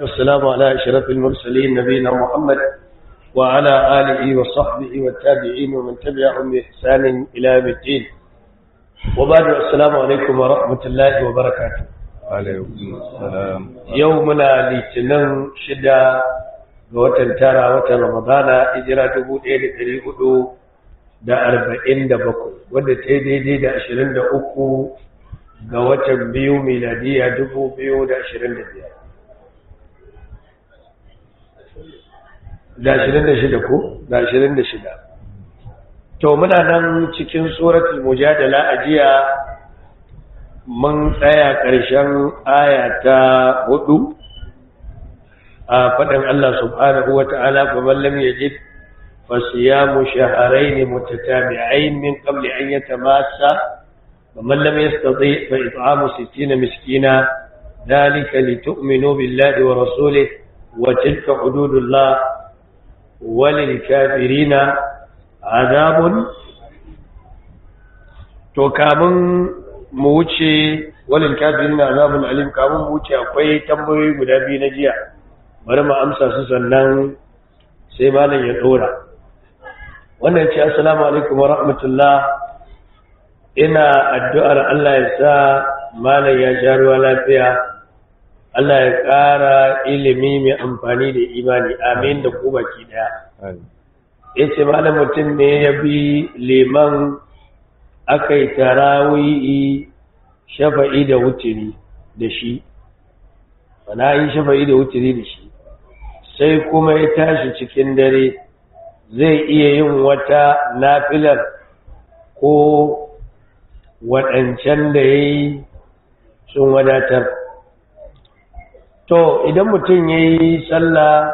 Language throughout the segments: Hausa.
والسلام على أشرف المرسلين نبينا محمد وعلى آله وصحبه والتابعين ومن تبعهم بإحسان إلى يوم الدين وبعد السلام عليكم ورحمة الله وبركاته عليكم السلام يومنا لتنم شدة وتن ترى وتن رمضان إجرى تبود إلى تريد da arba'in da bakwai wadda ta yi daidai da ashirin da uku ga watan biyu miladiya dubu biyu da ashirin da biyar da 26 ko da 26 to muna nan cikin suratul mujadala ajiya mun tsaya ƙarshen aya ta hudu a faɗin Allah subhanahu wa ta'ala fa man lam yajid fa siyamu shahrayn mutatabi'ain min qabli an yatamassa fa man lam yastati fa it'amu 60 miskina dhalika litu'minu billahi wa rasulihi wa tilka hududullah walil kafirina azabun to kamun mu wuce walil kafirina azabun alim kamun mu wuce akwai tambayoyi guda biyu na jiya bari mu amsa su sannan sai malam ya dora wannan ce assalamu alaikum wa rahmatullah ina addu'ar Allah ya sa malam ya sha ruwa lafiya Allah ya ƙara ilimi mai amfani da imani amin da kuma ki daya ya ce malam mutum ne ya bi liman aka yi shafa'i da wuturi da shi wana yi shafa'i da wuturi da shi sai kuma ya tashi cikin dare zai iya yin wata nafilar ko waɗancan da ya yi sun wadatar to idan mutum ya yi sallah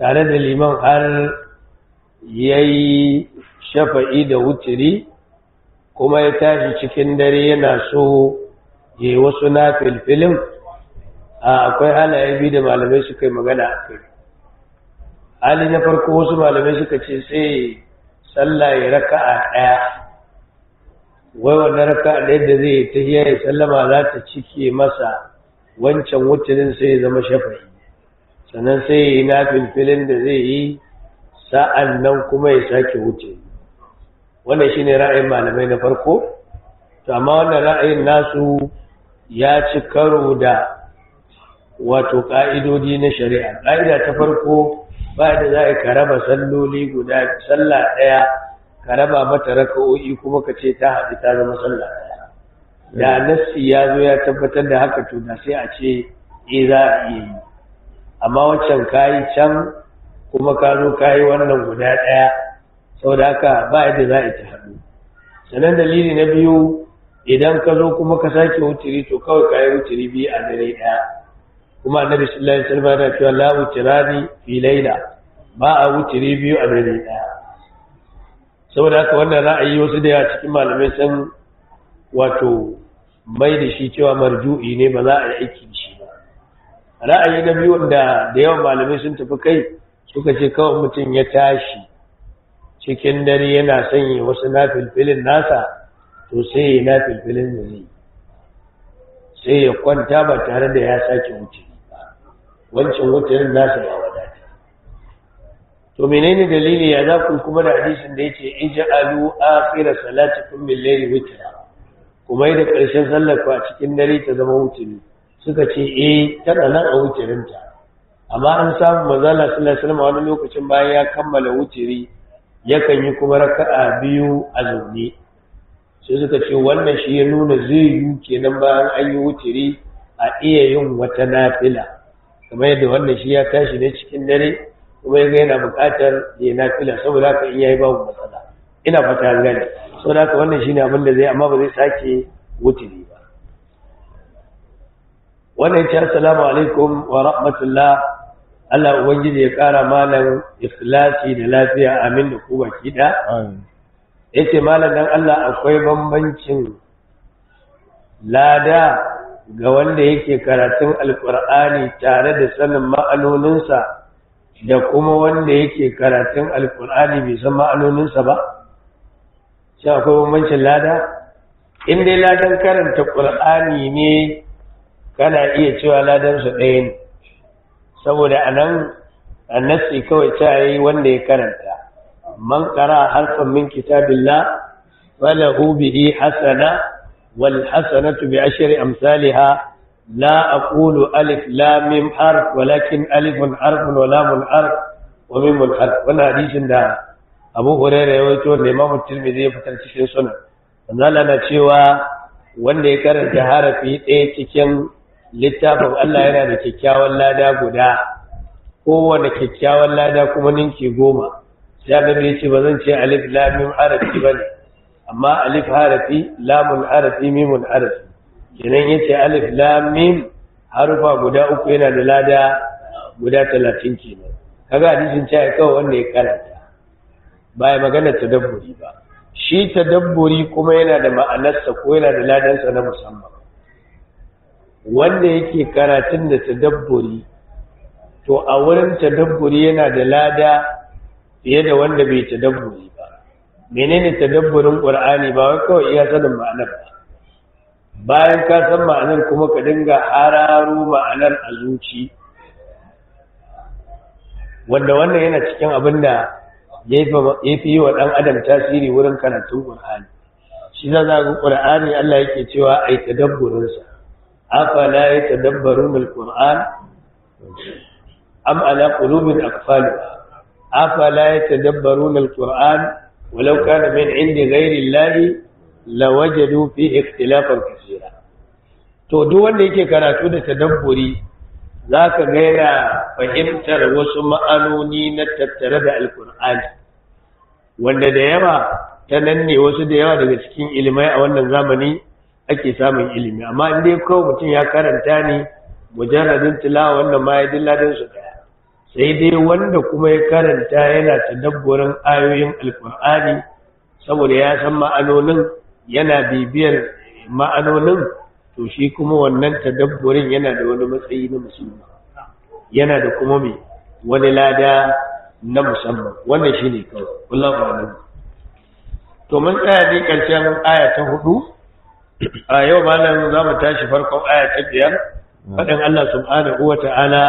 tare da liman har ya yi shafa'i da wuturi kuma ya tashi cikin dare yana so ya yi wasu na filfilin akwai halaye biyu da malamai suka yi magana a kai hali na farko wasu malamai suka ce sai sallah ya raka a ɗaya wai wannan raka ɗaya da zai ta hiyar sallama za ta cike masa wancan wutirin sai ya zama shafa'i sannan sai ya yi na filfilin da zai yi sa'an nan kuma ya sake wuce wannan shine ra'ayin malamai na farko to amma wannan ra'ayin nasu ya ci karo da wato ƙa'idodi na shari'a ƙa'ida ta farko ba da za a ka raba salloli guda sallah ɗaya ka raba mata raka'o'i kuma ka ce ta haɗu ta zama sallah da nassi ya zo ya tabbatar da haka to da sai a ce eh za a iya yi amma waccan kayi can kuma ka zo kayi wannan guda ɗaya saboda haka ba yadda za a ta haɗu sannan dalili na biyu idan ka zo kuma ka sake wuturi to kawai kayi wuturi biyu a dare ɗaya kuma annabi sallallahu alaihi wasallam yana cewa la fi laila ba a wuturi biyu a dare ɗaya saboda haka wannan ra'ayi wasu da yawa cikin malamai sun wato mai da shi cewa marju'i ne ba za a yi aiki shi ba ra'ayi na biyu wanda da yawan malamai sun tafi kai suka ce kawai mutum ya tashi cikin dare yana sanya wasu na filfilin nasa to sai ya na filfilin da zai sai ya kwanta ba tare da ya sake wuce ba wancan wucin nasa ya wadata to menene dalili ya za kuma da hadisin da ya ce yace ij'alu salatu kuma bil layli witra kuma da ƙarshen sallar a cikin dare ta zama wuturi suka ce eh tana nan a wuturinta amma an samu mazala sallallahu alaihi wani lokacin bayan ya kammala wuturi yakan yi kuma raka'a biyu a zaune sai suka ce wannan shi ya nuna zai yi kenan bayan an yi wuturi a iya yin wata nafila kamar yadda wannan shi ya tashi ne cikin dare kuma yana buƙatar ya nafila saboda haka in yayi babu matsala ina fata gani. sau da aka wannan shine abin da zai amma ba zai sake ne ba wannan ce assalamu alaikum wa rahmatullah Allah ubangiji ya kara malam ikhlasi da lafiya amin da ku kida ya yace malam dan Allah akwai bambancin lada ga wanda yake karatun alkur'ani tare da sanin ma'anoninsa da kuma wanda yake karatun alkur'ani bai san ma'anoninsa ba shi akwai bambancin lada in dai ladan karanta ƙur'ani ne kana iya cewa ladan su ɗaya ne saboda a nan annasi kawai ta yi wanda ya karanta man ƙara harfan min wala falahu bihi hasana wal hasanatu bi ashri amsalha la aqulu alif lam mim harf walakin alifun harfun wa lamun harf wa mimun harf wannan hadisin da abu huraira ya wato da imam tirmidhi ya fitar cikin suna manzala na cewa wanda ya karanta harafi ɗaya cikin littafin Allah yana da kyakkyawan lada guda kowane kyakkyawan lada kuma ninki goma sai annabi ya ce ba zan ce alif lamim arafi ne, amma alif harafi lamun arafi mimun arafi kenan ce alif lamim harufa guda uku yana da lada guda talatin kenan kaga hadisin cewa kawai wanda ya karanta ba ya magana tadabburi ba shi tadabburi kuma yana da ma'anarsa ko yana da ladansa na musamman wanda yake karatun da tadabburi to a wurin tadabburi yana da lada fiye da wanda bai tadabburi ba menene tadabburin qur'ani ba wai kawai iya sanin ma'anar ba bayan ka san ma'anar kuma ka dinga hararo ma'anar a zuci wanda wannan yana cikin abin da ya fi yi wa ɗan adam tasiri wurin karatun ƙur'ani shi za za ƙur'ani Allah yake cewa a yi tadabburinsa afa la yi tadabbaru mil ƙur'an am ala qulubin aqfalu afa la yi tadabbaru mil ƙur'an walau kana min indi lari la lawajadu fi ikhtilafar kaseera to duk wanda yake karatu da tadabburi za ka gaya fahimtar wasu ma'anoni na tattare da alkur'ani wanda da yawa ta nan ne wasu da yawa daga cikin ilimai a wannan zamani ake samun ilimi amma in dai kawo mutum ya karanta ne mujarradin tilawa wannan ma ya dilladin su daya sai dai wanda kuma ya karanta yana ta tadabburin ayoyin alkur'ani saboda ya san ma'anonin yana bibiyar ma'anonin to shi kuma wannan tadabburin yana da wani matsayi na musulma. yana da kuma mai wani lada na musamman wannan shi ne kawai wallahu a'lam to mun tsaya ne karshen aya ta hudu a yau malam za mu tashi farkon aya ta biyar faɗin Allah subhanahu wa ta'ala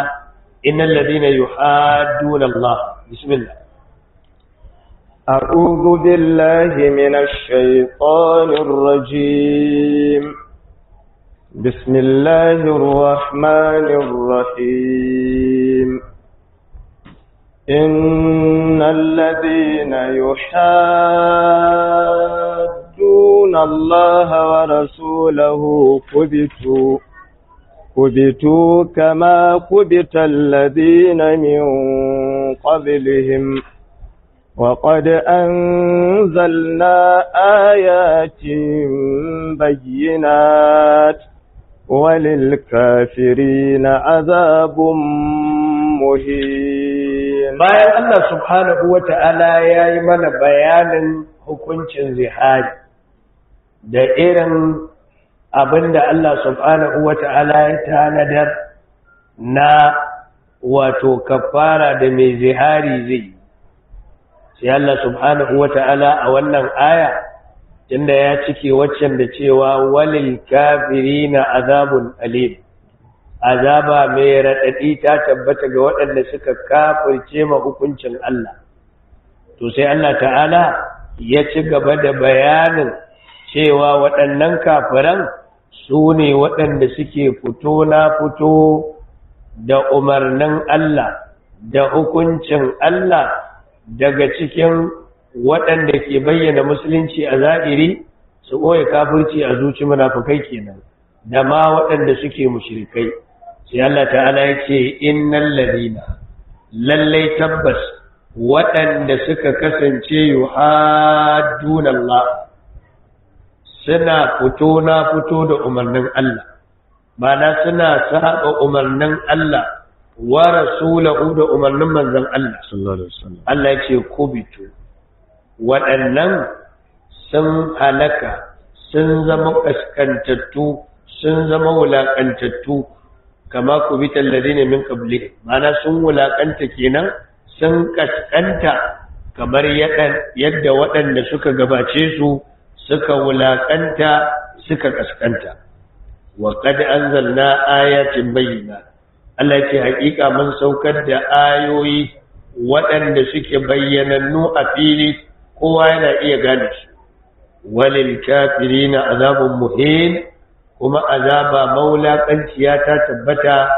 innal ladina yuhadduna Allah bismillah أعوذ بالله من الشيطان الرجيم بسم الله الرحمن الرحيم إن الذين يحادون الله ورسوله كبتوا كبتوا كما كبت الذين من قبلهم وقد أنزلنا آيات بينات وللكافرين عذاب مهين bayan Allah subhanahu wata'ala yayi mana bayanin hukuncin zihari da irin abinda Allah subhanahu wata'ala ya tanadar na wato kafara da mai zihari zai sai Allah subhanahu wata'ala a wannan aya tunda ya cike waccan da cewa walil na azabun alim azaba mai raɗaɗi ta tabbata ga waɗanda suka kafirce ma hukuncin Allah to sai Allah ta'ala ya ci gaba da bayanin cewa waɗannan kafiran su ne waɗanda suke fito na fito da umarnin Allah da hukuncin Allah daga cikin waɗanda ke bayyana musulunci a za'iri su ɓoye kafirci a zuci munafukai kenan da ma waɗanda suke mushrikai sai Allah ta'ala ya ce innal ladina lallai tabbas waɗanda suka kasance yuhadduna suna fito na fito da umarnin Allah mana suna saba umarnin Allah wa rasulahu da umarnin manzon Allah sallallahu alaihi Allah ya ce kubitu waɗannan sun halaka sun zama ƙaskantattu, sun zama wulaƙantattu kama tallari ne min ƙabli mana sun wulaƙanta kenan sun ƙaskanta kamar yadda waɗanda suka gabace su suka wulaƙanta suka ƙaskanta. wa an zanna ayatin bayyana Allah ce haƙiƙa mun saukar da ayoyi waɗanda suke bayyanannu a fili kowa yana iya gane shi walil kafirina azabun muhin kuma azaba kanciya ta tabbata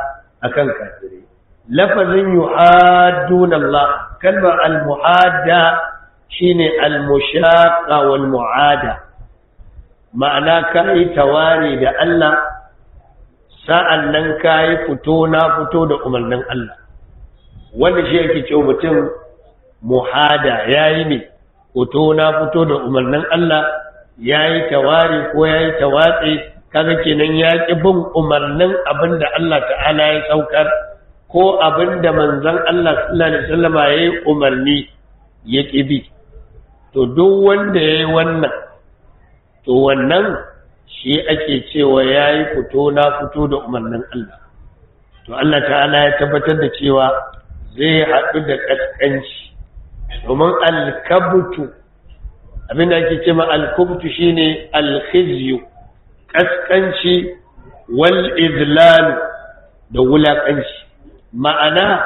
akan kafiri lafazin yu'adduna Allah kalmar al shine al wal mu'ada ma'ana kai tawari da Allah sa'an nan kai fito na fito da umarnin Allah wanda shi yake ce mutum muhada yayi ne fito na fito da umarnin Allah ya yi tawari ko ya yi tawatsi kaga kenan ya ƙi bin umarnin abin da Allah ta'ala ya saukar ko abin da manzon Allah sallallahu alaihi wasallam ya yi umarni ya ƙi bi to duk wanda ya yi wannan to wannan shi ake cewa ya yi fito na fito da umarnin Allah to Allah ta'ala ya tabbatar da cewa zai haɗu da ƙasƙanci domin alkabtu abinda ake ce ma alkabtu shine alkhizyu kaskanci wal izlal da wulakanci ma'ana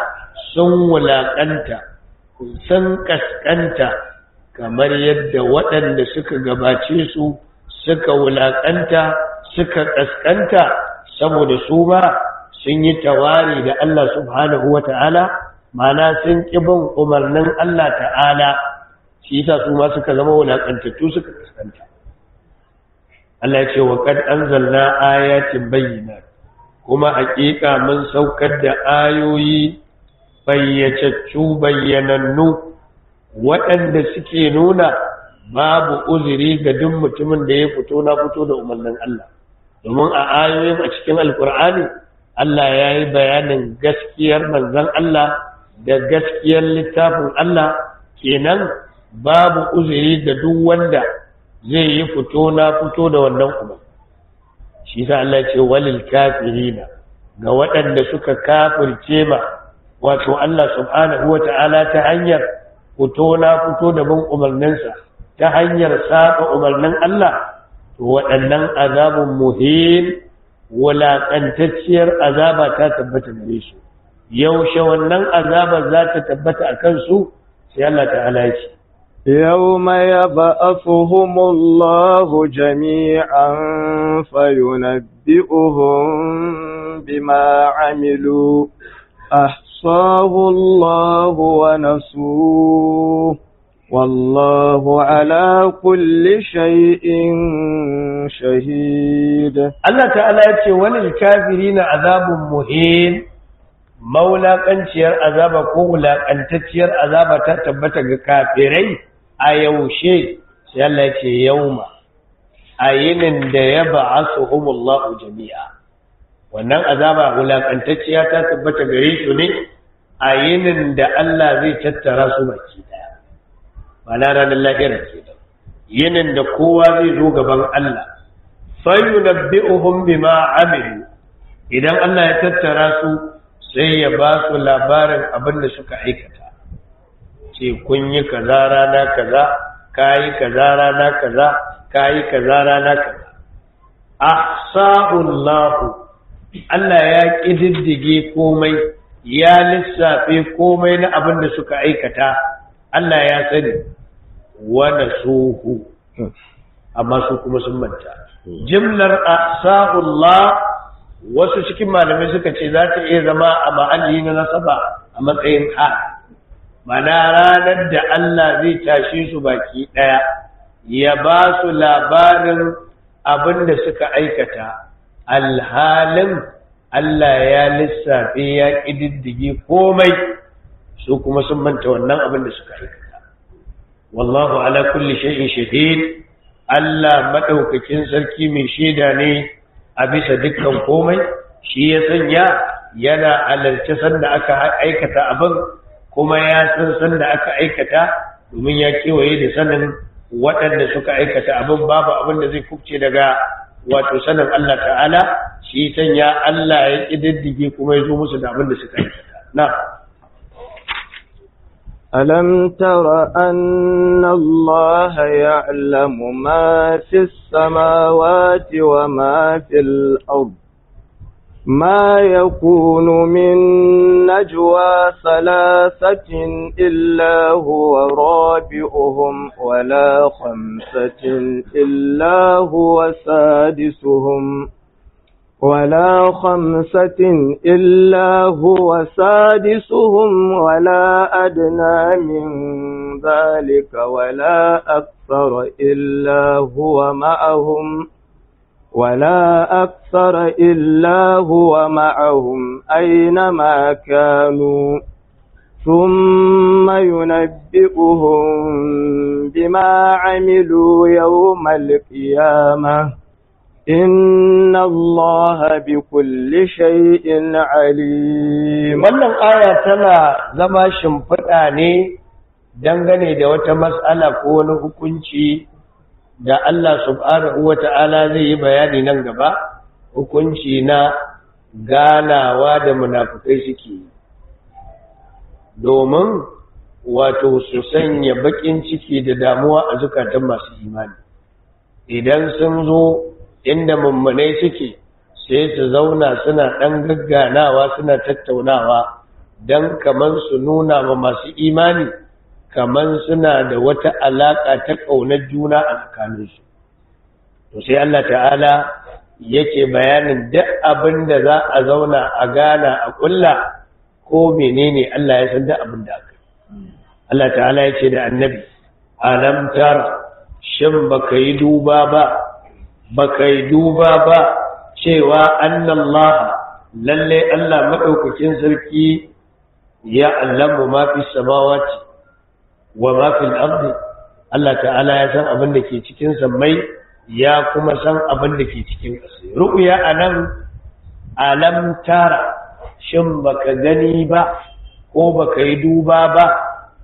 sun wulakanta sun kaskanta kamar yadda waɗanda suka gabace su suka wulakanta suka kaskanta saboda su ba sun yi tawari da Allah subhanahu wa ta'ala mana sun ƙi umarnin Allah ta'ala shi Suma su ma suka zama wulaƙantattu suka kaskanta Allah ya ce wa an zalla ayatin bayyana kuma haƙiƙa mun saukar da ayoyi bayyacaccu bayyanannu waɗanda suke nuna babu uzuri ga duk mutumin da ya fito na fito da umarnin Allah domin a ayoyin a cikin alkur'ani Allah ya yi bayanin gaskiyar manzon Allah da gaskiyar littafin Allah kenan babu uzuri da duk wanda zai yi fito na fito da wannan kuma shi sa Allah ce walil kafirina ga waɗanda suka kafirce ba wato Allah subhanahu wa ta'ala ta hanyar fito na fito da bin umarninsa ta hanyar saba umarnin Allah to waɗannan azabun muhim wulaƙantacciyar azaba ta tabbata gare su yaushe wannan azabar za ta tabbata a kansu sai Allah ta halaci. Yawma ya ba'afuhumullahu jami'an fayunabbi'uhum bima amilu ahsahu Allahu wa nasu wallahu ala kulli shay'in shahid Allah ta'ala ya ce wani kafiri na azabun muhim maulaƙanciyar azaba ko wulaƙantacciyar azaba ta tabbata ga kafirai a yaushe sai Allah ce yauma a yinin da ya su humullahu jami'a wannan azaba wulaƙantacciya ta tabbata gare su ne a yinin da Allah zai tattara su baki daya ba na ranar lahira ke da yinin da kowa zai zo gaban Allah fayyunabbi'uhum bima amilu idan Allah ya tattara su sai ya ba su labarin abin da suka aikata ce kun yi kaza rana kaza ka yi kaza rana kaza ka yi kaza rana kaza ahsa'ullahu Allah ya ƙididdige komai ya lissafe komai na abin da suka aikata Allah ya sani wani suhu amma su kuma sun manta hmm. jimlar ahsa'ullah wasu cikin malamai suka ce za ta iya zama a ma'alli na nasaba a matsayin a mana ranar da Allah zai tashi su baki ɗaya ya ba su labarin abin da suka aikata alhalin Allah ya lissafi ya ƙididdige komai su kuma sun manta wannan abin da suka aikata wallahu ala kulli shay'in shahid Allah maɗaukakin sarki mai shaida ne a bisa dukkan komai shi ya sanya yana alarci sanda aka aikata abin kuma ya san sanda aka aikata domin ya kewaye da sanin waɗanda suka aikata abin babu abin da zai kubce daga wato sanin Allah ta'ala shi sanya Allah ya ƙididdige kuma ya zo musu da abin da suka aikata na ألم تر أن الله يعلم ما في السماوات وما في الأرض ما يكون من نجوى ثلاثة إلا هو رابئهم ولا خمسة إلا هو سادسهم ولا خمسة إلا هو سادسهم ولا أدنى من ذلك ولا أكثر إلا هو معهم ولا أكثر إلا هو معهم أينما كانوا ثم ينبئهم بما عملوا يوم القيامة inna Allah bi kulli shay'in wannan aya tana zama shimfiɗa ne dangane da wata mas'ala ko wani hukunci da Allah subhanahu wata'ala zai yi bayani nan gaba hukunci na ganawa da munafukai suke domin wato su sanya bakin ciki da damuwa a zukatan masu imani idan sun zo inda mummunai suke sai su zauna suna ɗan gagganawa suna tattaunawa don kamar su nuna ma masu imani kamar suna da wata alaƙa ta ƙaunar juna a tsakaninsu to sai Allah ta'ala yake bayanin duk abin da za a zauna a gana a ƙulla ko menene Allah ya san duk abin da aka Allah ta'ala ya ce da annabi alam tara shin baka yi duba ba baka yi duba ba cewa annallah lalle Allah madaukakin sarki ya allamu ma fi samawati wa ma fi al Allah ta'ala ya san abin da ke cikin sammai ya kuma san abin da ke cikin ƙasa ru'ya anan alam tara shin baka gani ba ko baka yi duba ba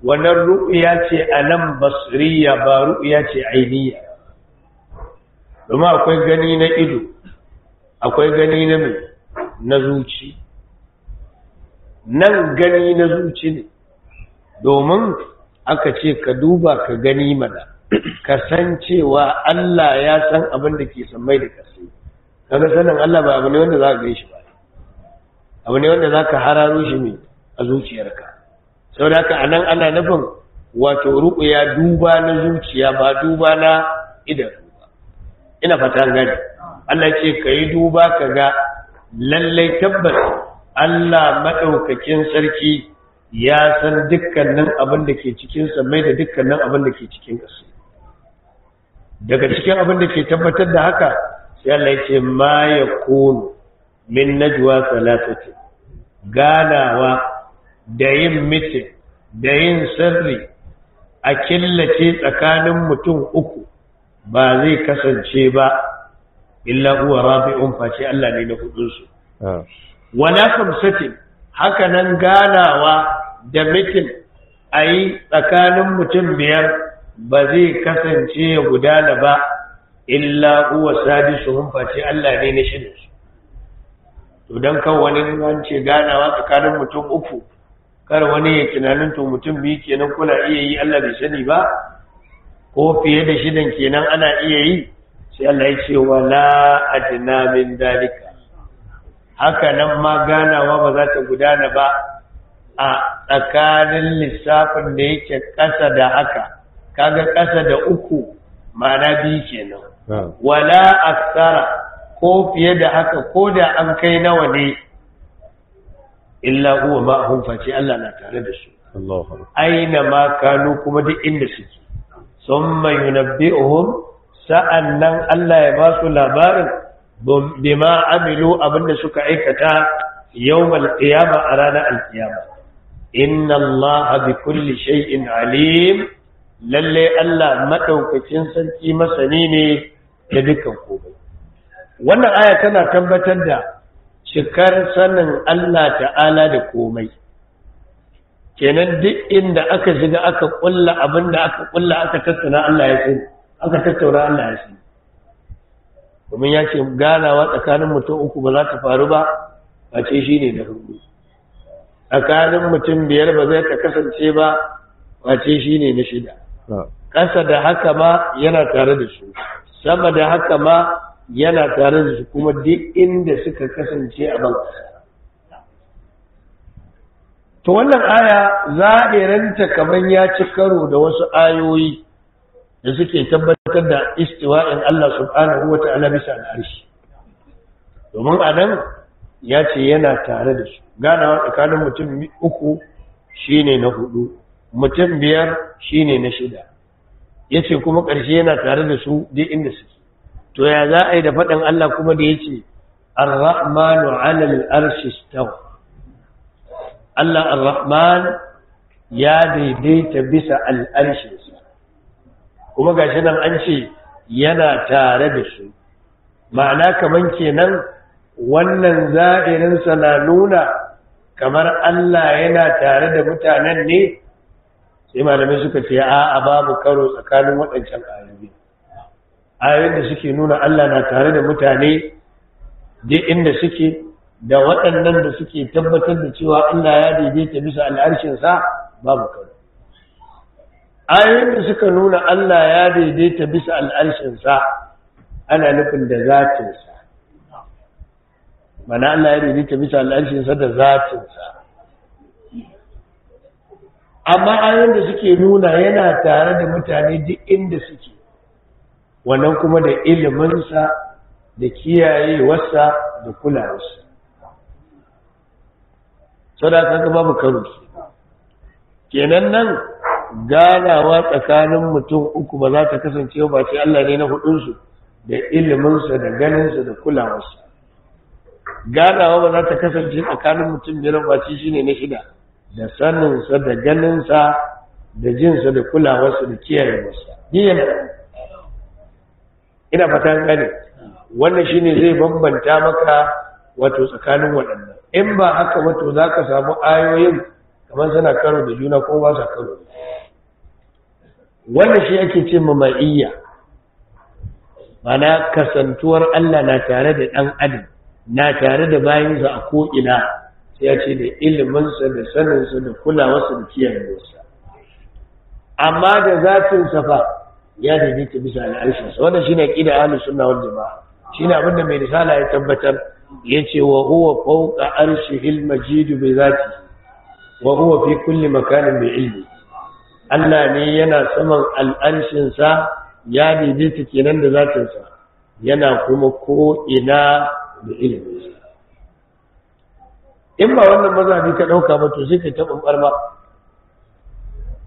wannan ru'ya ce alam basriya ba ru'uya ce ainiya domin akwai gani na ido akwai gani na mai na zuci nan gani na zuci ne domin aka ce ka duba ka gani mana ka san cewa Allah ya san abin da ke sammai da kasai kaga sanin Allah ba abu ne wanda za ka gaishi ba abu ne wanda za ka hararo shi mai a zuciyarka Sau da haka anan ana nufin wato ruku ya duba na zuciya ba duba na idan ina fata gani Allah ce ka yi duba ka ga lallai tabbas Allah maɗaukakin sarki ya san dukkanin abin da ke cikinsa mai da dukkanin abin da ke cikin ƙasa daga cikin abin da ke tabbatar da haka sai Allah ce ma ya kunu min najwa salatati ganawa da yin mitin da yin sirri a killace tsakanin mutum uku ba zai kasance ba illa huwa rabi'un face Allah ne na hudun su ah. wala khamsatin haka nan ganawa da mitin ayi tsakanin mutum biyar ba zai kasance ya gudana ba illa huwa sadisuhum face Allah ne na shine su to dan kan wani an ce ganawa tsakanin mutum uku kar wani ya tunanin to mutum biyu kenan kula iya yi Allah bai sani ba ko fiye da shidan kenan ana iya yi sai Allah ya ce wala adna min dalika haka nan ma ganawa ba za ta gudana ba a tsakanin lissafin da yake ƙasa da haka kaga ƙasa da uku mana biyu kenan wala aksara ko fiye da haka ko da an kai nawa ne illa huwa ma'ahum face Allah na tare da su aina ma kanu kuma duk inda suke thumma yunabbi'uhum sa'annan Allah ya ba su labarin bima amilu abinda suka aikata yawmal qiyama a ranar alqiyama inna Allah bi kulli shay'in alim lalle Allah maɗaukacin sarki masani ne da dukkan komai wannan aya tana tabbatar da cikar sanin Allah ta'ala da komai kenan duk inda aka shiga aka kulla abin da aka kulla aka tattauna Allah ya sani aka tattauna Allah ya sani domin ya ce ganawa tsakanin mutum uku ba za ta faru ba a ce shi ne da hudu tsakanin mutum biyar ba zai ta kasance ba a ce shi ne na shida ƙasa da haka ma yana tare da su sama da haka ma yana tare da su kuma duk inda suka kasance a bankasa to wannan aya za a ranta kamar ya ci karo da wasu ayoyi da suke tabbatar da istiwa'in Allah subhanahu wa ta'ala bisa arshi domin a nan ya ce yana tare da su ganawa tsakanin mutum uku shine na hudu mutum biyar shine na shida ya ce kuma ƙarshe yana tare da su duk inda suke to ya za a yi da faɗin Allah kuma da ya ce ar-rahmanu 'alal arshi istawa Allah al rahman ya daidaita bisa al'arshinsa kuma ga shi nan an ce yana tare da su ma'ana kaman kenan wannan za'irinsa na nuna kamar Allah yana tare da mutanen ne sai malamai suka ce a'a babu karo tsakanin waɗancan ayyubi. ayoyin da suke nuna Allah na tare da mutane duk inda suke da waɗannan da suke tabbatar da cewa Allah ya daidaita bisa al'arshinsa babu karo. Ayin da suka nuna Allah ya daidaita bisa al'arshinsa ana nufin da zatinsa. Mana Allah ya daidaita bisa al'arshinsa da zatinsa. Amma ayin da suke nuna yana tare da mutane duk inda suke, wannan kuma da iliminsa da kiyayewarsa da kulawarsa. sau da kaga babu karo kenan nan ganawa tsakanin mutum uku ba za ta kasance ba sai Allah ne na hudunsu da iliminsa da ganinsa da kulawarsa ganawa ba za ta kasance tsakanin mutum biyar ba ce shi ne na shida da saninsa da ganinsa da jinsa da kulawarsa da masa biyan ina fatan gane wannan shine zai bambanta maka wato tsakanin waɗannan in ba haka wato za ka samu ayoyin kamar suna karo da juna ko ba sa karo Wanda shi ake ce ma ma'iyya mana kasantuwar Allah na tare da ɗan adam na tare da bayansa a ko'ina sai ya ce da iliminsa da saninsa da kulawarsa da kiyayewarsa amma da zafin safa, ya daidaita bisa al'arshinsa wannan shine aqida ahlus sunna wal jamaa shine abin da mai risala ya tabbatar yace wa huwa fawqa arshihil majid bi zati wa huwa fi kulli makanin bi ilmi Allah ne yana saman al'arshin sa ya bibita kenan da zatin sa yana kuma ko ina da ilmi in ba wannan mazhabi ka dauka ba to sai ka tabbambar ba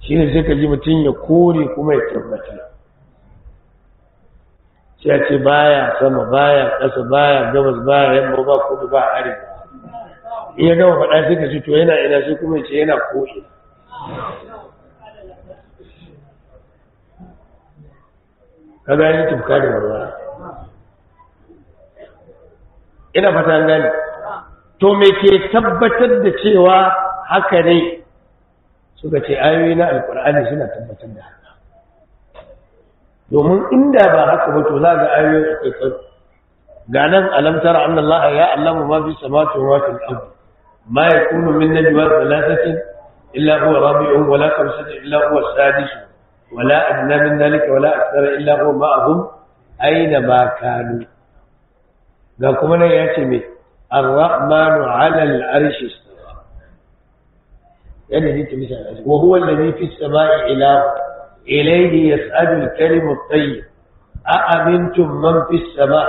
shine sai ka ji mutun ya kore kuma ya tabbata sai ce baya sama baya ƙasa baya gabas baya yamma ba kudu ba arewa in ya gama faɗa sai ka ce to yana ina sai kuma ce yana Ka ga yi tufka da warwara ina fata an gani. to me ke tabbatar da cewa haka ne suka ce ayoyi na alkur'ani suna tabbatar da haka domin inda ba haka ba to za ga ayoyi a kaikai ga nan alamtar tara anna allaha ya allamu ma fi samawati wa fil ard ma yakunu min najwa thalathatin illa huwa rabi'uhum wala la khamsatin illa huwa sadisuhum Wala la adna min dhalika wala la akthara illa huwa ma'ahum aina ma kanu ga kuma nan ya ce me الرحمن على العرش استوى يعني دي تمثال وهو الذي في السماء إله إليه يسأل الكلم الطيب أأمنتم من في السماء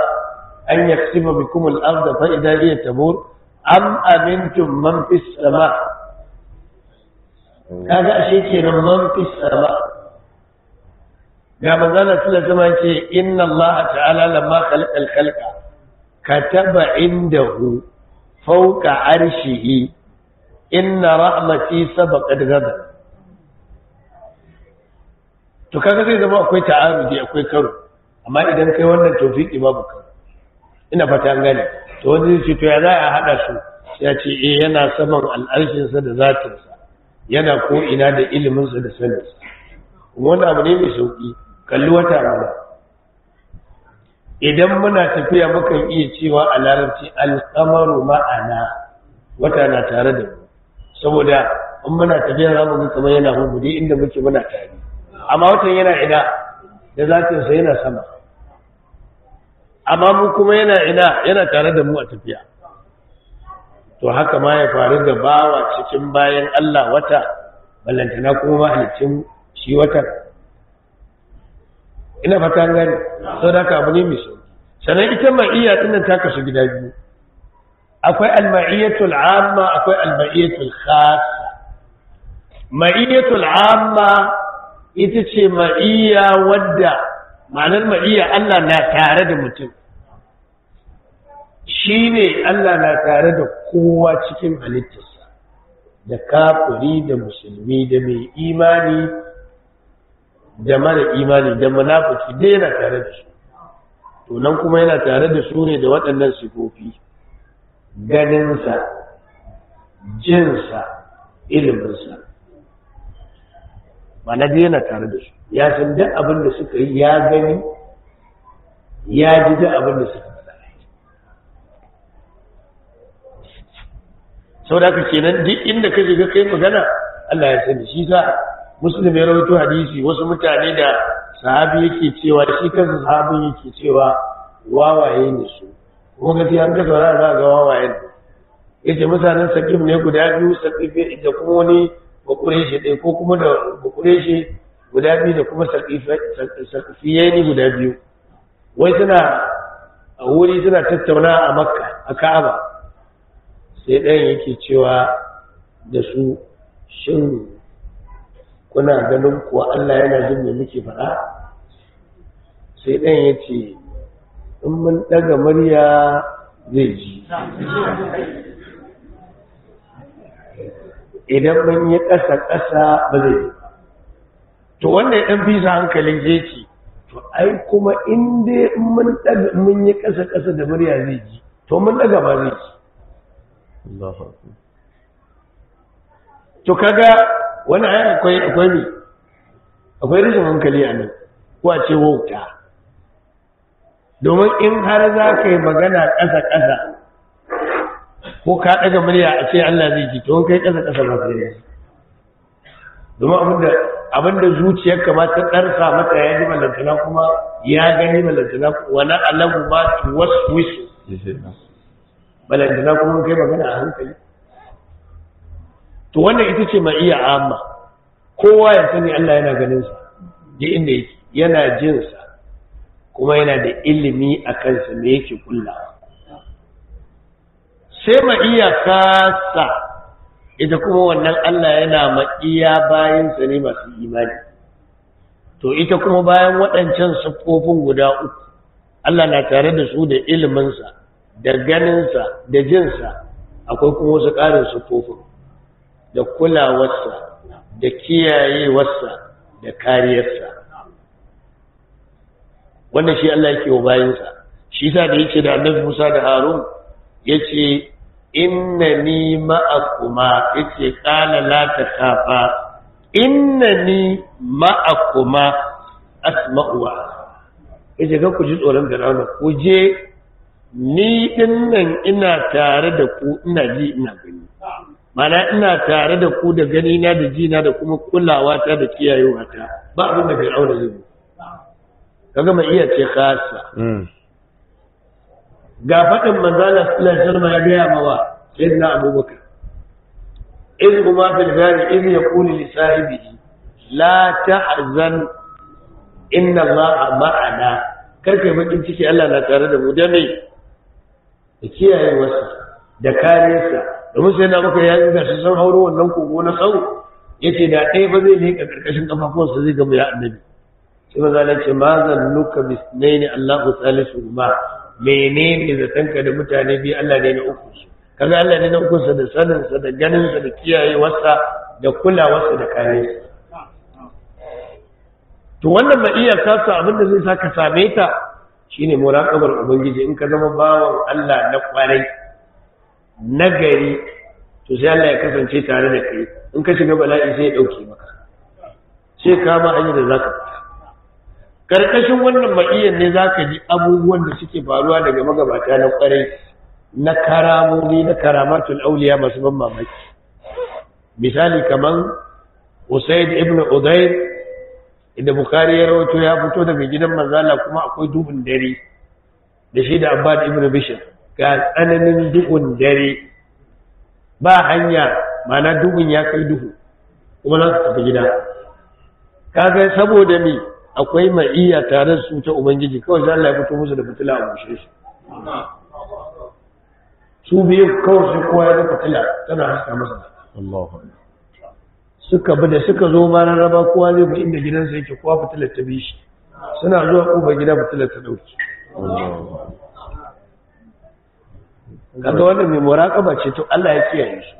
أن يقسم بكم الأرض فإذا هي تمور أم أمنتم من في السماء هذا شيء من في السماء يا مزالة سلسة ما إن الله تعالى لما خلق الخلق كتب عنده فوق عرشه إن رحمتي سبقت غضب to kaga zai zama akwai ta'arudi akwai karo amma idan kai wannan tawfiki babu karo ina fata an gane to wani zai ce to ya za hada su ya ce eh yana saman sa da sa yana ko ina da iliminsa da Kuma wani abu ne mai sauki kalli wata mana idan muna tafiya mukan iya cewa a larabci al al-qamaru ma'ana wata na tare da mu saboda in muna tafiya za mu ga kamar yana hudu inda muke muna tare amma watan yana ina da zatinsa yana sama amma mu kuma yana ina yana tare da mu a tafiya to haka ma ya faru da bawa cikin bayan Allah wata ballantana kuma mahalicin shi watan ina fata gani sau da haka abu ne mai sauki sannan ita ma'iyya ɗinnan ta kasu gida biyu akwai alma'iyyatul amma akwai alma'iyyatul khasa ma'iyyatul amma ita ce ma'iya wadda ma'anar ma'iya Allah na tare da mutum shi ne Allah na tare da kowa cikin halittarsa da kafiri da musulmi da mai imani da mara imani da munafiki da yana tare da su to nan kuma yana tare da su ne da waɗannan sifofi ganinsa jinsa iliminsa mana na yana tare da su ya san duk abin da suka yi ya gani ya ji duk abin da suka faɗa sau da aka kenan duk inda ka shiga kai magana Allah ya sani shi sa musulmi ya rawaito hadisi wasu mutane da sahabi yake cewa shi kansa sahabi yake cewa wawaye ne su kuma ga an ka saurara za ga wawayen yace mutanen sakim ne guda biyu ne da kuma wani bakureshe ɗaya ko kuma da bakureshe guda biyu da kuma sarkafiyai ne guda biyu wai suna a wuri suna tattauna a makka a ka'aba sai ɗayan yake cewa da su shin kuna ganin kuwa Allah yana jin mai muke faɗa sai ɗan ya ce in mun ɗaga murya zai ji idan mun yi ƙasa ƙasa ba zai to wanda ya ɗan bisa hankalin jeci to ai kuma inda mun ɗaga mun yi ƙasa ƙasa da murya zai ji to mun ɗaga ba zai ji to kaga wani ayan akwai akwai ne akwai rashin hankali a nan ko a ce wauta domin in har za ka yi magana ƙasa ƙasa ko ka daga murya a ce Allah zai ji to kai ƙasa-ƙasa ba sai ne domin abinda abinda zuciyar ka ta darsa maka ya ji ballantana kuma ya gani ballantana wa na alamu ma tuwaswisu ballantana kuma kai magana a hankali to wannan ita ce mai iya amma kowa ya sani Allah yana ganin sa da inda yake yana jin sa kuma yana da ilimi a kansa me yake kullawa sai ma iya kasa ita kuma wannan Allah yana ma bayansa ne masu imani to ita kuma bayan waɗancan siffofin guda uku Allah na tare da su da iliminsa da ganinsa da jinsa akwai kuma wasu ƙarin siffofin da kulawarsa da kiyayewarsa da kariyarsa wannan shi Allah yake wa bayansa shi sa da yake da annabi Musa da Harun yace Inna ni ma'akuma yace kana la inna ni ma'akuma asma'u wa yace ga ku ji tsoron Fir'auna ku je ni dinnan ina tare da ku ina ji ina gani mana ina tare da ku da gani na da ji na da kuma kulawa ta da kiyayewa ta ba abin da Fir'auna zai kaga mai iya ce khasa hmm. ga faɗin manzala sallallahu alaihi wasallam ya gaya mawa sayyidina abubakar iz huma fil gari iz yaqulu li sahibihi la tahzan inna allaha ma'ana kar kai bakin ciki Allah na tare da mu da me da kiyaye wasu da kariyarsa domin sai na maka ya ga shi san hauro wannan kogo na sau yace da ɗaya ba zai leka karkashin kafafuwansa zai gama ya annabi sai manzala ce ma zannuka bisnaini Allahu ma. menene zatanka da mutane biyu Allah ne na uku su kaga Allah ne na uku sa da sanin sa da ganin sa da wasa da kulawarsa da kare sa to wannan ma iya kasa abin da zai saka same ta shine muraqabar ubangiji in ka zama bawan Allah na kwarai nagari to sai Allah ya kasance tare da kai in ka shiga bala'i sai ya dauke maka sai ka ba hanyar da zaka fita karkashin wannan ma'iyyar ne za ka ji abubuwan da suke faruwa daga magabata na kwarai na karamomi na karamatul auliya masu ban mamaki misali kamar usaid ibn udayr inda bukari ya rawato ya fito daga gidan manzala kuma akwai duhun dare da shi da abbad ibn bishir ga tsananin duhun dare ba hanya mana duhun ya kai duhu kuma za su tafi gida kaga saboda me akwai ma'iyya tare su ta ubangiji kawai za Allah ya fito musu da fitila a bushe shi su biyu kawai sai kowa ya ga fitila tana haska masa Allahu suka bi da suka zo ma ran raba kowa zai bi inda gidansa yake kowa fitilar ta bi shi suna zuwa kofar gida fitilar ta dauki kaga wannan mai muraqaba ce to Allah ya kiyaye shi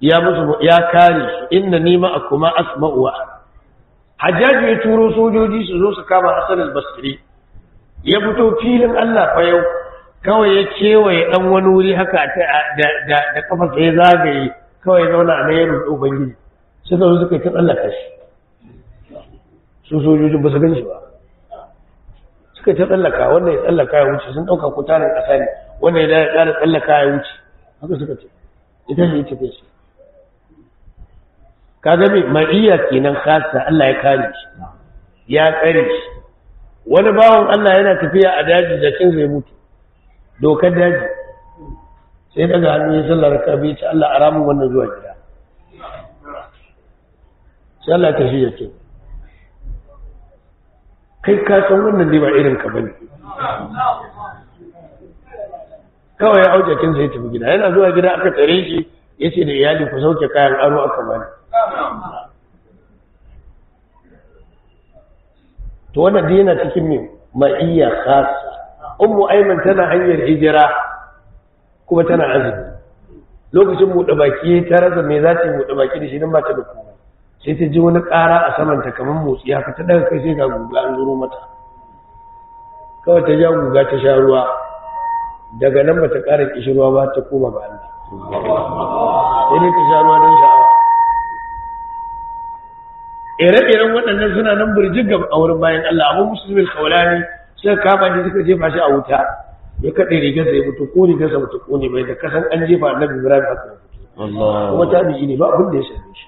ya musu ya kare inna nima akuma asma'u wa hajjaju ya turo sojoji su zo su kama hassan al-basri ya fito filin allah fa yau, kawai ya kewaye ɗan wani wuri haka da kafa sai zagaye kawai zauna a nan ya rufe ubangiji sai zo suka yi ta tsallaka shi su sojojin ba su gan shi ba suka yi ta tsallaka wannan ya tsallaka ya wuce sun ɗauka ko tarin ƙasa ne wannan ya tsallaka ya wuce haka suka ce ita ne ya tafi shi ka mai ma'iyya kenan kasa Allah ya kare shi ya kare shi wani bawon Allah yana tafiya a daji da cin zai mutu dokar daji sai daga hannu ya sallar rakabi ya ta Allah a ramun wannan zuwa gida sai Allah ta shi ya ce kai ka san wannan ne ba irin ka bane kawai ya aujakin sai tafi gida yana zuwa gida aka tsare shi ya ce da iyali ku sauke kayan aro aka bani to wanda dai yana cikin mai ma'iyya khassa ummu aiman tana hanyar hijira kuma tana azumi lokacin buɗe baki ta rasa me za ta buɗe baki da shi nan ba ta da sai ta ji wani ƙara a saman ta kamar motsi haka ta daga kai sai ga guga an zuro mata kawai ta ja guga ta sha ruwa daga nan ba ta ƙara ƙishirwa ba ta koma ga Allah sai dai ta sha ruwa don sha'awa ire-iren waɗannan suna nan birjin gaba a wurin bayan Allah abu musulmin ne? suka kama ne suka jefa shi a wuta ya kaɗe da ya mutu ko da mutu ko ne mai da kasan an jefa annabi ibrahim haka ya mutu kuma ta biji ne ba abin da ya same shi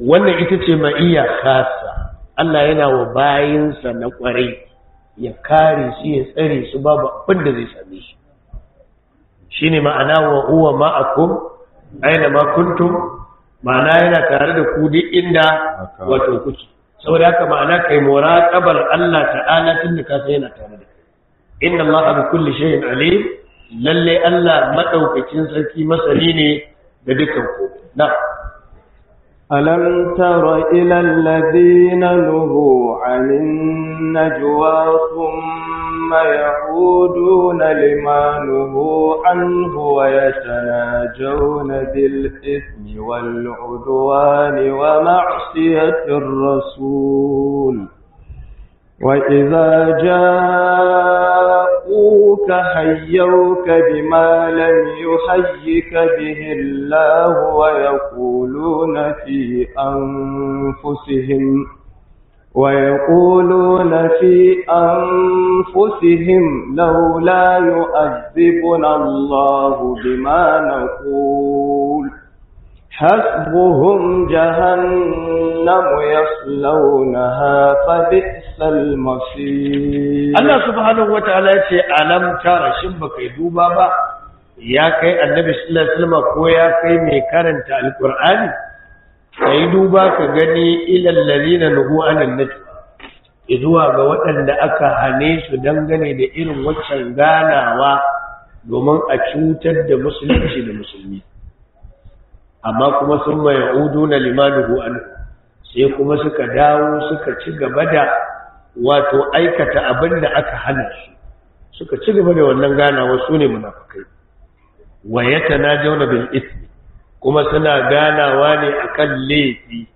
wannan ita ce iya kasa Allah yana wa bayinsa na kwarai ya kare shi ya tsare su babu abin da zai same shi shine ma'ana wa huwa ma'akum aina ma kuntum ma'ana yana tare da ku duk inda wato kuke saboda haka ma'ana kai muraqabar Allah ta'ala tun da ka yana tare da kai inna Allah bi kulli shay'in alim lalle Allah madaukakin sarki masani ne da dukkan ku na'am ألم تر إلى الذين نهوا عن النجوى ثم يعودون لما نهوا عنه ويتناجون بالإثم والعدوان ومعصية الرسول وإذا جاءوك حيوك بما لم يحيك به الله ويقولون في أنفسهم ويقولون في أنفسهم لولا يؤذبنا الله بما نقول حسبهم جهنم يصلونها فبئس allah subhanahu wata'ala ce alam tara shin baka duba ba ya kai annabi sallallahu alaihi wasallam ko ya kai mai karanta alqur'ani kai duba ka gani ilal ladina nuhu anan najwa zuwa ga waɗanda aka hane su dangane da irin waccan ganawa domin a cutar da musulunci da musulmi amma kuma sun mai udu na limanuhu an sai kuma suka dawo suka ci gaba da wato aikata abin da aka hana shi suka ci gaba da wannan ganawa su ne munafukai wa jauna bil ismi kuma suna ganawa ne akan laifi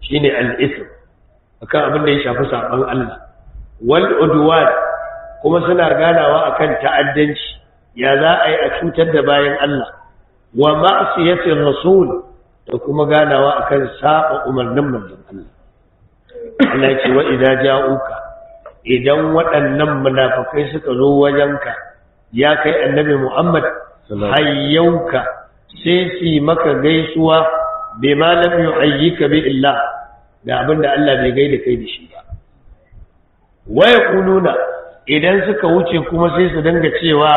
shine al ism akan abin da ya shafi saban Allah wal udwan kuma suna ganawa akan ta'addanci ya za a yi a cutar da bayan Allah wa ma'siyatir rasul da kuma ganawa akan saba umarnin manzon Allah Ana cewa ce wa ja'uka idan waɗannan munafikai suka zo wajenka ya kai annabi Muhammad hayyauka sai su maka gaisuwa bima lam ka bi illa da abinda Allah bai gaida kai da shi ba wa yaquluna idan suka wuce kuma sai su dinga cewa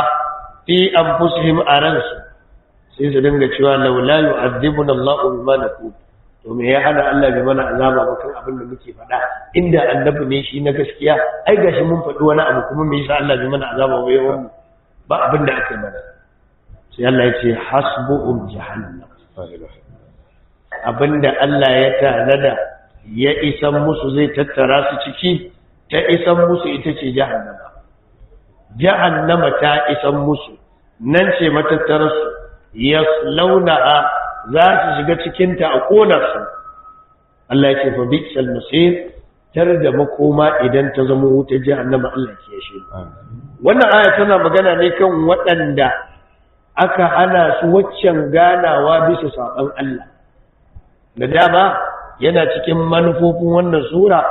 fi anfusihim aransu sai su dinga cewa laula yu'adhibuna Allahu bima naqulu to ya hana Allah bai mana azaba ba kan abin da muke faɗa inda annabi ne shi na gaskiya ai gashi mun faɗi wani abu kuma me yasa Allah bai mana azaba ba yawan ba abin da aka mana sai Allah ya ce um jahannam abinda Allah ya tanada ya isan musu zai tattara su ciki ta isan musu ita ce jahannam jahannama ta isan musu nan ce su yaslaunaha za su shiga cikinta a ƙona su Allah ya ce fa sal musir tar da makoma idan ta zama wuta jahannama Allah ke shi wannan aya tana magana ne kan waɗanda aka hana su waccan ganawa bisa saban Allah da dama yana cikin manufofin wannan sura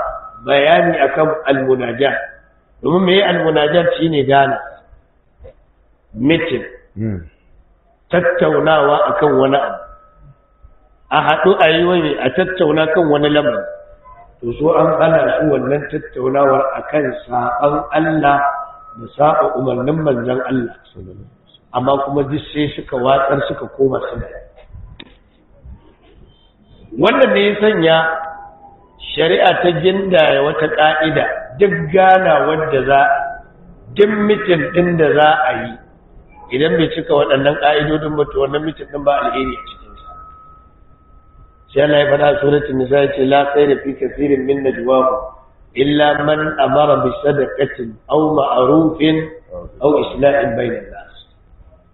bayani akan almunajat domin me almunajat shine gana meeting hmm. tattaunawa akan wani abu a haɗu a yi wani a tattauna kan wani lamar to so an hana su wannan tattaunawar a kan saɓan Allah da saɓa umarnin manzan Allah amma kuma duk sai suka watsar suka koma suna wannan ne ya sanya shari'a ta gindaya wata ƙa'ida duk gana wadda za duk mitin ɗin za a yi idan bai cika waɗannan ƙa'idodin ba to wannan mitin ɗin ba alheri a ciki sai Allah ya faɗa suratul nisa ya ce la khayra fi kathirin min najwahum illa man amara bi sadaqatin aw ma'rufin aw islahin bainan nas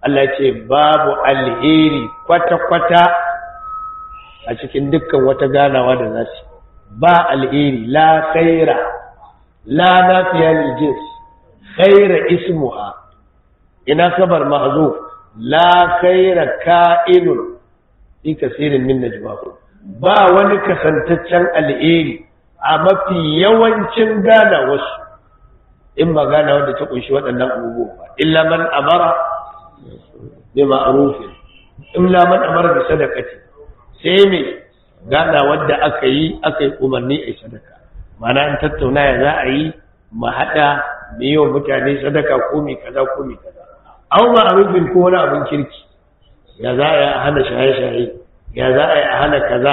Allah ya ce babu alheri kwata kwata a cikin dukkan wata ganawa da zasu ba alheri la khayra la nafiya lil jins khayra ismuha ina kabar mahzuf la khayra ka'inun fi kathirin min najwahum ba wani kasantaccen al'iri a mafi yawancin gana wasu in ba gana wanda ta kunshi waɗannan abubuwa ba illa man amara bi ma'rufin illa man amara bi ce. sai me gana wanda aka yi aka yi umarni a sadaka mana an tattauna ya za a yi mu haɗa mu yi wa mutane sadaka ko mai kaza ko mai kaza an ma'rufin ko wani abin kirki ya za a hana shaye-shaye ya za a yi a hana kaza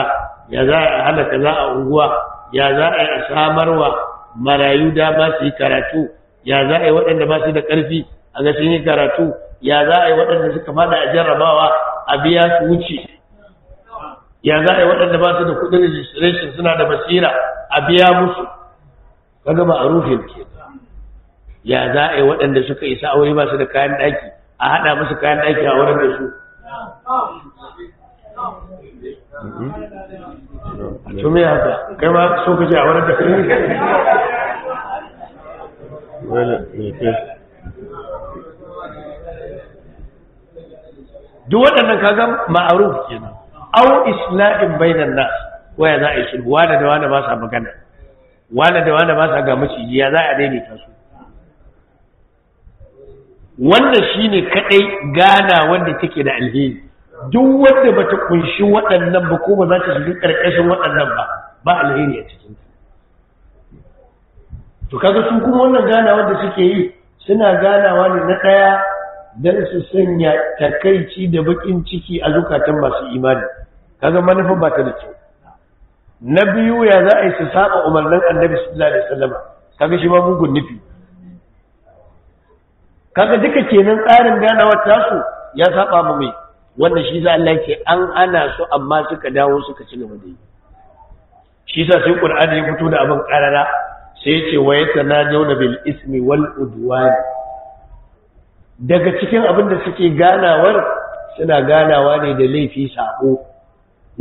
ya za a yi a hana kaza a unguwa ya za a yi a samarwa marayu dama su yi karatu ya za a yi waɗanda ba su da ƙarfi a ga sun yi karatu ya za a yi waɗanda suka fada a jarrabawa a biya su wuce ya za a yi waɗanda ba su da kuɗin registration suna da basira a biya musu kaga ba a rufin ke ya za a yi waɗanda suka isa aure ba su da kayan ɗaki a haɗa musu kayan ɗaki a wurin da su Mm-hmm. tumi ya haka kai ma so kace a wani tafi kai duk waɗannan kaga ma'aruf kenan au isla'in bainan nas waya za a yi sulhu wanda da wanda ba sa magana wanda da wanda ba sa ga maciji ya za a daidaita su wannan shine kadai gana wanda take da alheri duk wanda ba ta kunshi waɗannan ba ko ba za ta shiga ƙarƙashin waɗannan ba ba alheri a cikin to kaga su kuma wannan ganawa da suke yi suna ganawa ne na ɗaya don su sanya takaici da baƙin ciki a zukatan masu imani kaga manufa ba ta da kyau na biyu ya za a yi su saba umarnin annabi sallallahu alaihi kaga shi ba mugun nufi kaga duka kenan tsarin ganawar tasu ya saba mu mai Wanda shi za Allah ce an ana su amma suka dawo suka ci gaba da yi shi sa sai qur'ani ya fito da abin karara sai ya ce waya jauna bil ismi wal udwan daga cikin abin da suke ganawar suna ganawa ne da laifi sako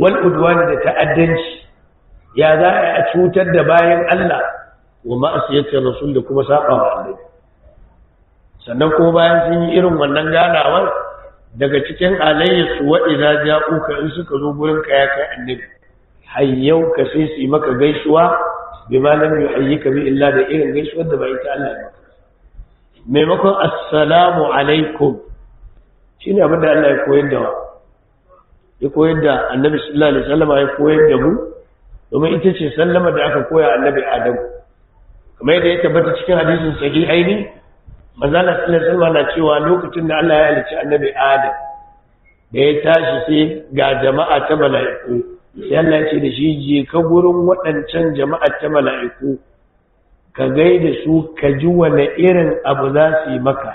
wal udwan da ta'addanci ya za a cutar da bayan Allah wa ma'asiyatin rasul da kuma saba wa sannan ko bayan sun yi irin wannan ganawar daga cikin alayyarsu wa'iza ja'uka in suka zo gurin ka ya kai annabi hayyau ka sai su yi maka gaisuwa bi ma lam yuhayyika bi illa da irin gaisuwar da ba ita Allah ya maka maimakon assalamu alaikum shine abin da Allah ya koyar da wa. ya koyar da annabi sallallahu alaihi wasallam ya koyar da mu domin ita ce sallama da aka koya annabi Adam kamar yadda ya tabbata cikin hadisin sahihaini manzala sallallahu alaihi na cewa lokacin da Allah ya halicci annabi Adam da ya tashi sai ga jama'a ta mala'iku sai Allah ce da shi je ka gurin waɗancan jama'a ta mala'iku ka gaida su ka ji wane irin abu za su yi maka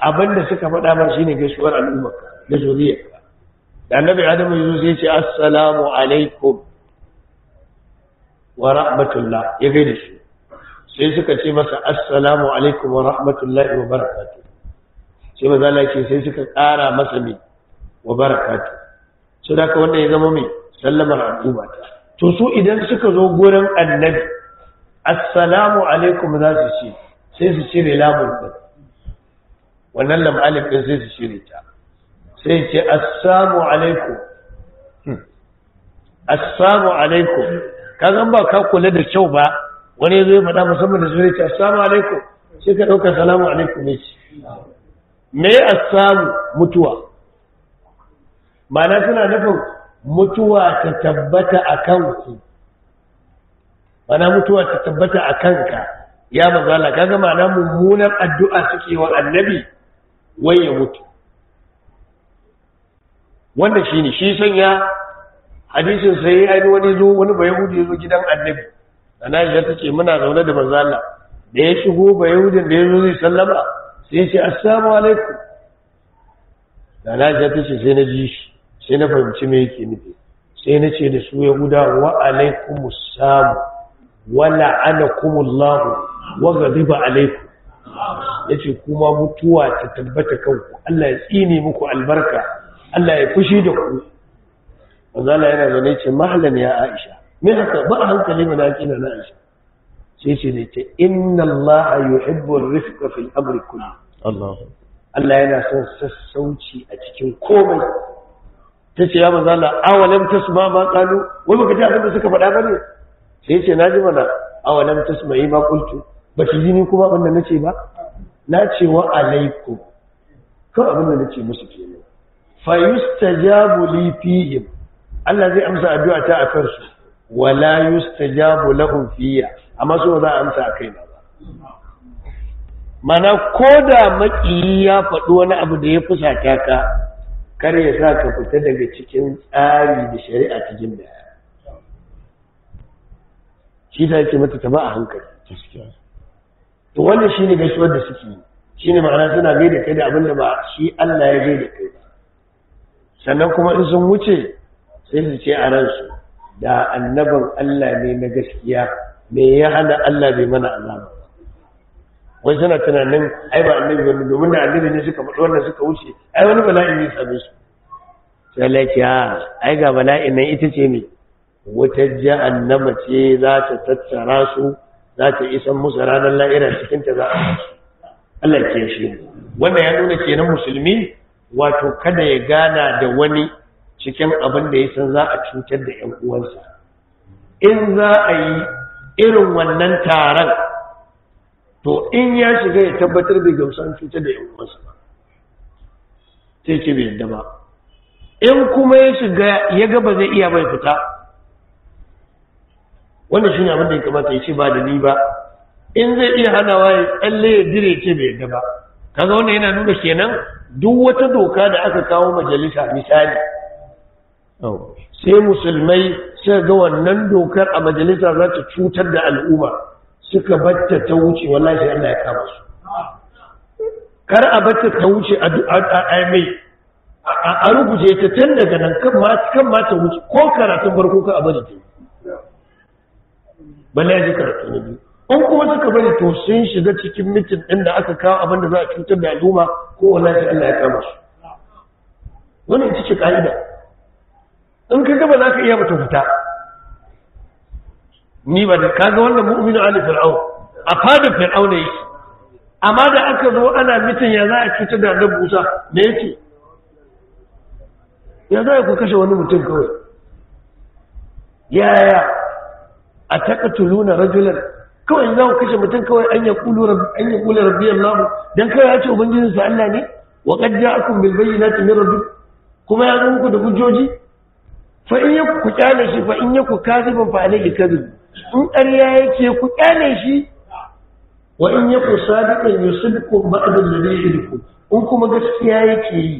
abinda suka faɗa ma shine gaisuwar al'ummarka da zuriya. da annabi Adam ya zo sai ya ce assalamu alaikum wa rahmatullah ya da su sai suka ce masa assalamu alaikum wa rahmatullahi wa barakatu sai maza Allah ce sai suka ƙara masa mai wa barakatu sai da ka wanda ya zama mai sallamar al'umma to su idan suka zo gurin annabi assalamu alaikum za su ce sai su shirya lamun ɗin wannan lam ɗin sai su shirya ta sai ce assalamu alaikum hmm. assalamu alaikum ka zan ba ka kula da kyau ba wani zai faɗa musamman da zai ce assalamu alaikum sai ka ɗauka salamu alaikum ne ce me samu mutuwa ma'ana suna nufin mutuwa ta tabbata a kanku ma'ana mutuwa ta tabbata a kanka ya mazala gama ma'ana mummunan addu'a suke wa annabi wai ya mutu wanda shi ne shi sanya hadisin sai ya yi wani zo wani bayan hudu ya zo gidan annabi ana ta ce muna zaune da manzo Allah da ya shigo ba yahudin da ya zo zai sallama sai ya ce assalamu alaikum da na ta ce sai na ji shi sai na fahimci me yake nufi sai na ce da su yahuda wa alaikumussalam wa la'anakumullahu wa ghadiba alaikum yace kuma mutuwa ta tabbata kanku Allah ya tsine muku albarka Allah ya fushi da ku manzo Allah yana zaune ce mahallan ya Aisha me haka ba a hankali mana ake na na'ishi sai shi ne ce inna Allah yi ar-rifqa fil amri Allah yana son sassauci a cikin komai ta ce ya maza Allah awalam tasma ma qalu wai baka ji abin da suka faɗa bane sai ce ji mana awalam tasma ma qultu ba ki ji ni kuma abin da ce ba na ce wa alaikum kawai abin da ce musu kenan fa yustajabu li fihim Allah zai amsa addu'a ta a kansu wala yustajabu lahum fiya amma so za a amsa kai na ba mana ko da maƙiyi ya faɗi wani abu da ya fusata ka kar ya sa ka fita daga cikin tsari da shari'a ta jin da shi ta yake mata ta a hankali to shi ne gashuwar da suke yi shine ma'ana suna gai da kai da abin da ba shi Allah ya gai da kai ba sannan kuma in sun wuce sai su ce a ransu da annabin Allah ne na gaskiya me ya hana Allah bai mana azaba wai suna tunanin ai ba annabi ne domin da annabi ne suka faɗi wannan suka wuce ai wani bala'i ne same su sai Allah ya ah, ai ga bala'i nan ita ce ne wata annaba ce za ta tattara su za ta isa musu ranar la'ira cikin ta za a Allah ke shi wannan ya nuna kenan musulmi wato kada ya gana da wani cikin abin da ya san za a cutar da ‘yan uwansa in za a yi irin wannan taron to in ya shiga ya tabbatar da gausan cutar da ‘yan uwansa ba sai ce bai yadda ba in kuma ya shiga ya ga ba zai iya bai fita wannan shi ne abin da ya kamata ya ce ba da ni ba in zai iya hanawa ya tsalle ya dire ce bai yadda ba kaga wannan yana nuna kenan duk wata doka da aka kawo majalisa misali sai musulmai suka ga wannan dokar a majalisa za ta cutar da al'umma suka batta ta wuce wallahi sai Allah ya kama su kar a batta ta wuce a mai a rubuce ta can daga nan kan ma kan ma ta wuce ko karatun farko ka a bari ta balle ya ji karatu na biyu An kuma suka bari to sun shiga cikin mitin inda da aka kawo abin da za a cutar da al'umma ko wallahi sai Allah ya kama su wannan ita ce ka'ida in ka gaba za ka iya mutu fita ni ba da kaga wannan mu'minu ali fir'aun a fadin fir'aun ne yake amma da aka zo ana mitin ya za a cutar da annabi Musa me yake ya za a ku kashe wani mutum kawai yaya a taqtuluna rajulan kawai za ku kashe mutum kawai an yi kula an yaqulu rabbi Allah dan kawai ya ce ubangijinsa Allah ne wa qad ja'akum bil bayyinati min rabbikum kuma ya zo muku da hujjoji fa in yaku ku kyale shi fa in yaku kadibun fa alayhi kadib in ƙarya yake ku kyale shi wa in yaku sadiqan yusibku ba'd ladhi yuriku in kuma gaskiya yake yi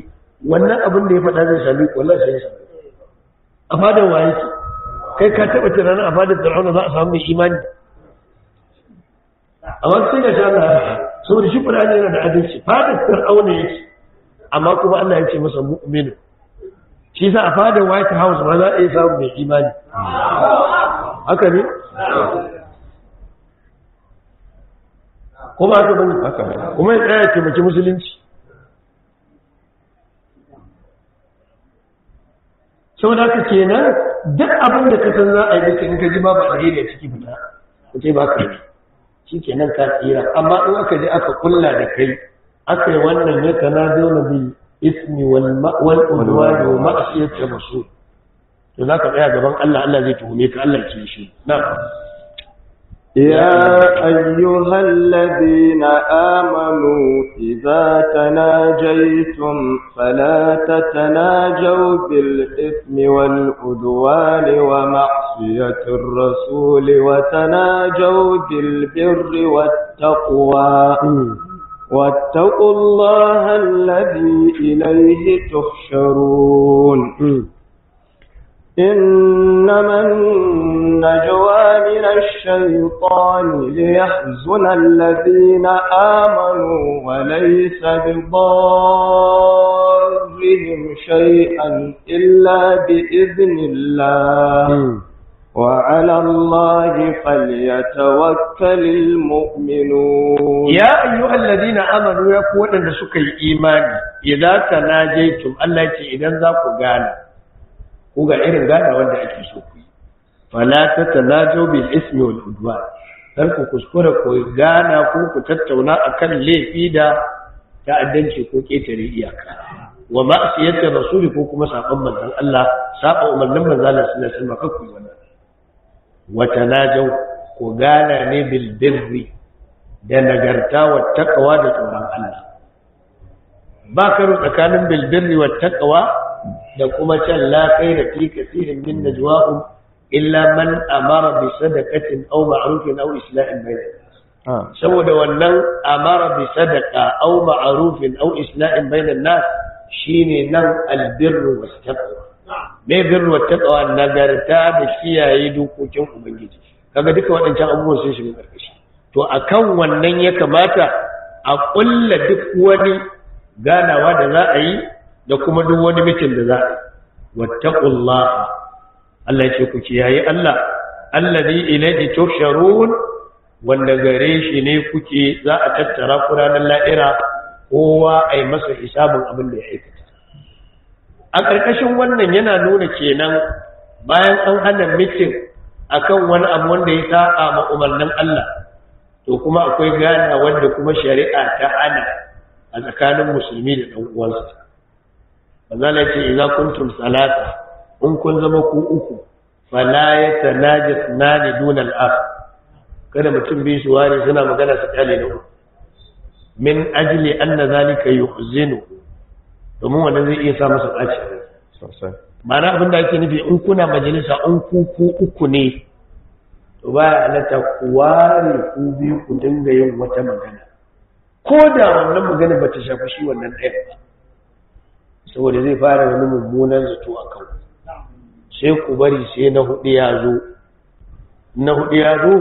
wannan abin da ya faɗa zai sami wallahi sai sami a fadar waye ki kai ka taɓa tunanin a fadar fir'auna za a samu mai imani amma sai ga sha Allah saboda shi Qur'ani yana da adalci fadar fir'auna yake amma kuma Allah ya ce masa mu'minu shi sa a fadar white house ba za a yi samu mai imani haka ne kuma haka bane haka kuma ya tsaya maki musulunci sau da ke kenan duk abin da ka san za a yi duka in ka ji babu a rere ciki fita ka ce ba ka yi shi kenan ka tsira amma in aka je aka kulla da kai aka yi wannan ya kana dole biyu. الإثم والعدوان ومعصية الرسول هناك za ka tsaya gaban Allah Allah zai tuhume ka Allah يا أيها الذين آمنوا إذا تناجيتم فلا تتناجوا بالإثم والعدوان ومعصية الرسول وتناجوا بالبر والتقوى واتقوا الله الذي إليه تحشرون إنما النجوى من الشيطان ليحزن الذين آمنوا وليس بضارهم شيئا إلا بإذن الله وعلى الله فليتوكل المؤمنون يا أيها الذين آمنوا يقول أن سكي إيماني إذا تناجيتم التي إذا ذاكوا غانا وقال إرن غانا وانا أكي سوكي فلا تتناجوا بالإسم والعدوان ku kuskura ku gana ko ku tattauna kan laifi da ta'addanci ko ƙetare iyaka wa ma'asiyatar rasuli ko kuma saɓon manzon Allah saɓa umarnin manzon Allah sallallahu alaihi wasallam kakku wata najau ku gana ne bil birri da nagarta wa taqwa da tsoron Allah ba ka ru tsakanin bil birri wa taqwa da kuma can la kai da fi kasirin min najwahum illa man amara bi sadaqatin aw ma'rufin aw islahin bainan ah. saboda wannan amara bi sadaqa aw ma'rufin aw islahin bayna nas shine nan albirru wa taqwa me ta tsawa nagarta da kiyaye dokokin ubangiji kaga duka waɗancan abubuwan sun shiga ƙarƙashi to a kan wannan ya kamata a ƙulla duk wani ganawa da za a yi da kuma duk wani mitin da za a yi ƙulla Allah ce ku kiyaye Allah Allah allazi ilayhi tusharun wanda gare shi ne kuke za a tattara ku la'ira kowa a yi masa hisabin abin da ya aika a ƙarƙashin wannan yana nuna kenan bayan an hana mitin kan wani abu wanda ya sa'a ma umarnin Allah to kuma akwai gana wanda kuma shari'a ta hana a tsakanin musulmi da ɗan uwansa manzala ce idza kuntum salata in kun zama ku uku fala yatanajis na ne al-akhar kada mutum biyu su ware suna magana su kyale da uku min an na zalika yuhzinu domin wanda zai iya sa masa ɗaci ma'ana abin da ake nufi in kuna majalisa in ku ku uku ne to ba ya halatta ku ware ku biyu ku dinga yin wata magana ko da wannan magana ba ta shafi shi wannan ɗaya ba saboda zai fara wani mummunan zato a kan sai ku bari sai na hudu ya zo na hudu ya zo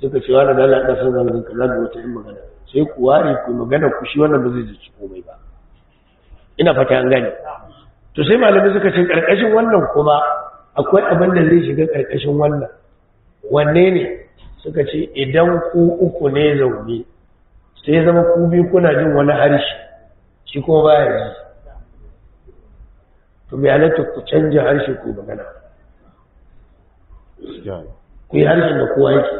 sai ka cewa da dala ɗasan zanzan kaza da wata yin magana sai ku ware ku magana ku shi wannan ba zai ji komai ba ina fata an gane to sai malamai suka cin karkashin wannan kuma akwai abin da zai shiga karkashin wannan wanne ne suka ce idan ku uku ne zaune sai zama ku biyu kuna jin wani harshe shi kuma baya ji to bai halatta ku canja harshe ku magana ku yi harshen da kowa yake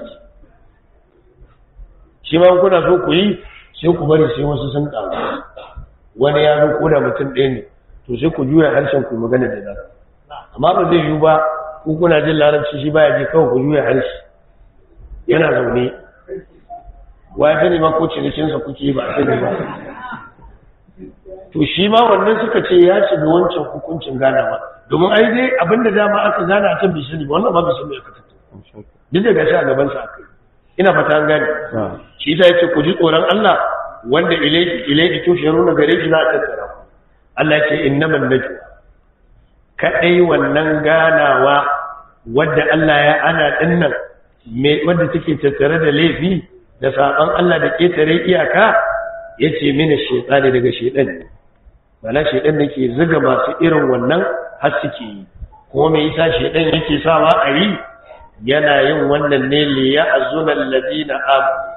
shi ma kuna so ku yi sai ku bari sai wasu sun ƙaru wani ya zo koda mutum ɗaya ne to sai ku juya harshen ku magana da larabci amma ba zai yiwu ba ku kuna jin larabci shi baya ji kawai ku juya harshe yana zaune wa ya sani ma ko sa kuke ba a sani ba to shi ma wannan suka ce ya shiga wancan hukuncin ganawa domin ai dai abinda dama aka gana a can bishi ne wannan ma bishi ne aka tattau duk da gashi a gaban sa aka yi ina fata an gane shi ta yace ku ji tsoron Allah wanda ilaihi nuna gare shi za tattara. tsara Allah ce manna najwa Kaɗai wannan ganawa wadda Allah ya ana dinnan wadda take tattare da laifi da saɓon Allah da ƙetare iyaka ya yace mini shaytani daga shaytan bala shaytan nake zuga masu irin wannan har suke yi kuma me yasa shaytan yake sawa a yi yana yin wannan ne a ya'zuna alladina amanu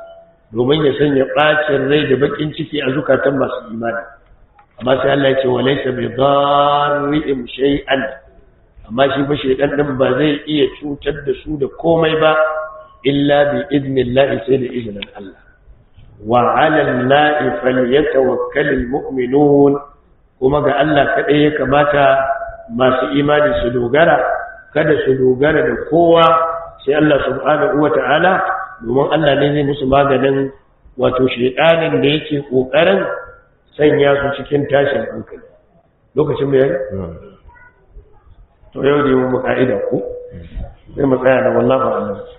domin ya sanya ɓacin rai da baƙin ciki a zukatan masu imani amma sai Allah ya ce wa laysa bi dharri'im shay'an amma shi ba shaydan din ba zai iya cutar da su da komai ba illa bi idnillahi sai da izinin Allah wa 'ala ya falyatawakkalul mu'minun kuma ga Allah kaɗai ya kamata masu imani su dogara kada su dogara da kowa sai Allah subhanahu Ta'ala. domin Allah ne zai musu maganin wato shekarun da yake ƙoƙarin sanya su cikin tashin hankali lokacin mai yari. Hmm. to yau ne mu ka'ida ku sai mu tsaya da wallahi Allah